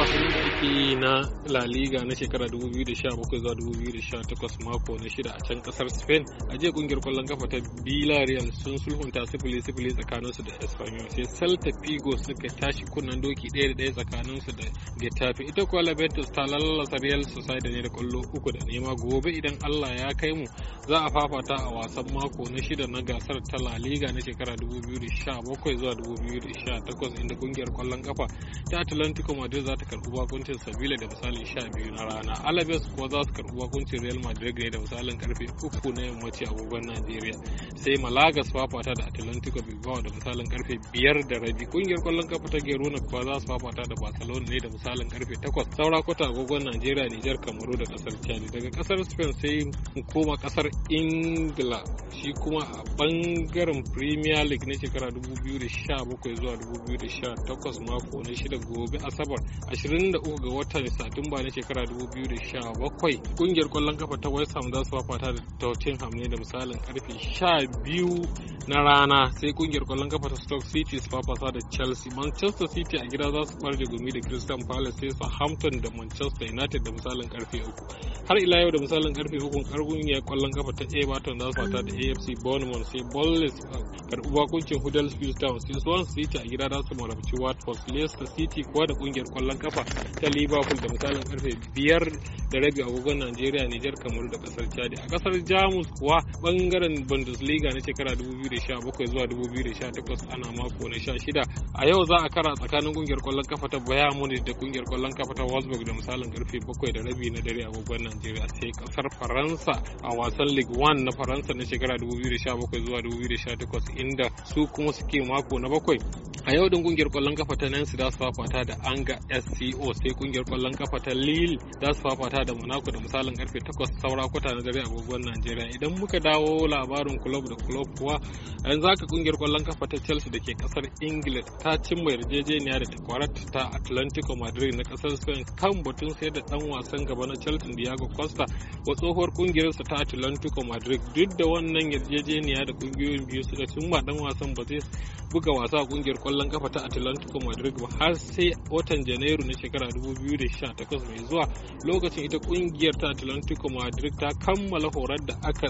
Thank you. mataki na La Liga na shekara 2017 zuwa 2018 mako na shida a can kasar Spain a jiya kungiyar kwallon kafa ta Villarreal sun sulhunta sifili sifili tsakanin su da Espanyol sai Celta Vigo suka tashi kunnan doki daya da daya tsakanin su da Getafe ita kuwa Juventus ta lallasa Real Sociedad ne da kwallo uku da nema gobe idan Allah ya kai mu za a fafata a wasan mako na shida na gasar ta La Liga na shekara 2017 zuwa 2018 inda kungiyar kwallon kafa ta Atlantico Madrid za ta karbi bakunci hukuncin sabila da misalin sha biyu na rana. alabes kuwa za su karbi hukuncin Real Madrid ne da misalin karfe uku na yammaci agogon nigeria Sai Malaga su fafata da Atlantico Bilbao da misalin karfe biyar da rabi. Kungiyar kwallon kafa ta Girona kuwa za su fafata da Barcelona ne da misalin karfe takwas. Saura kwata agogon Najeriya, Nijar, Kamaru da kasar Chad. Daga kasar Spain sai mu koma kasar Ingila shi kuma a bangaren Premier League na shekara 2017 zuwa 2018 mako na shida gobe Asabar 23 ga watan Satumba na shekara 2017 kungiyar kwallon kafa ta West Ham za su fafata da Tottenham ne da misalin karfe 12 na rana sai kungiyar kwallon kafa ta Stoke City su fafata da Chelsea Manchester City a gida za su farje gumi da Crystal Palace sai Southampton da Manchester United da misalin karfe 3 har ila yau da misalin karfe 3 kungiyar kwallon kafa ta Everton za su fata da AFC Bournemouth sai Bournemouth karbi bakuncin Huddersfield Town sai Swansea City a gida za su marabci Watford Leicester City kuwa da kungiyar kwallon kafa ta ta liverpool da misalin karfe biyar da rabi agogon nigeria nijar kamar da kasar chad a kasar jamus kuwa bangaren bundesliga na shekara 2017 zuwa 2018 ana mako na 16 a yau za a kara tsakanin kungiyar kwallon kafa ta bayan munich da kungiyar kwallon kafa ta wolfsburg da misalin karfe 7 da rabi na dare agogon a sai kasar faransa a wasan league 1 na faransa na shekara 2017 zuwa 2018 inda su kuma suke mako na bakwai a yau din kungiyar kwallon kafa ta Nancy za su fafata da Anga SCO sai kungiyar kwallon kafa ta Lille za su fafata da Monaco da misalin karfe 8 saura kwata na dare abubuwan Najeriya idan muka dawo labarin club da club kuwa yanzu haka kungiyar kwallon kafa ta Chelsea da ke kasar England ta cimma yarjejeniya da takwarar ta Atlantico Madrid na kasar Spain kan batun sai da dan wasan gaba na Chelsea Diego Costa wa tsohuwar kungiyarsa ta Atlantico Madrid duk da wannan yarjejeniya da kungiyoyin biyu suka cimma dan wasan ba zai buga wasa kungiyar kwallon kwallon kafa ta Atlantico Madrid ba har sai watan Janairu na shekara 2018 mai zuwa lokacin ita kungiyar ta Atlantico Madrid ta kammala horar da aka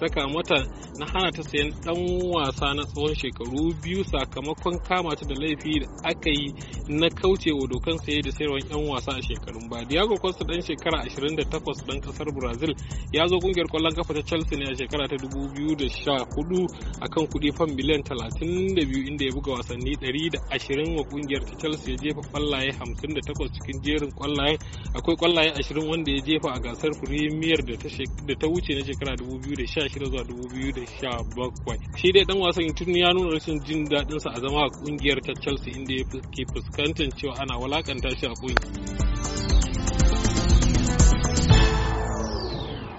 saka mata na hana ta sayan dan wasa na tsawon shekaru biyu sakamakon kama ta da laifi da aka yi na kaucewa dokan saye da sayarwar yan wasa a shekarun ba. Diego Costa dan shekara 28 dan kasar Brazil ya zo kungiyar kwallon kafa ta Chelsea ne a shekara ta 2014 akan kuɗi fam miliyan 32 inda ya buga wasa wasanni 120 wa kungiyar ta Chelsea ya jefa kwallaye 58 cikin jerin kwallaye akwai kwallaye 20 wanda ya jefa a gasar Premier da ta wuce na shekara 2016 zuwa 2017 shi dai dan wasan tun ya nuna rashin jin dadin sa a zama a kungiyar ta Chelsea inda ya ke fuskantar cewa ana walakanta shi a kungiyar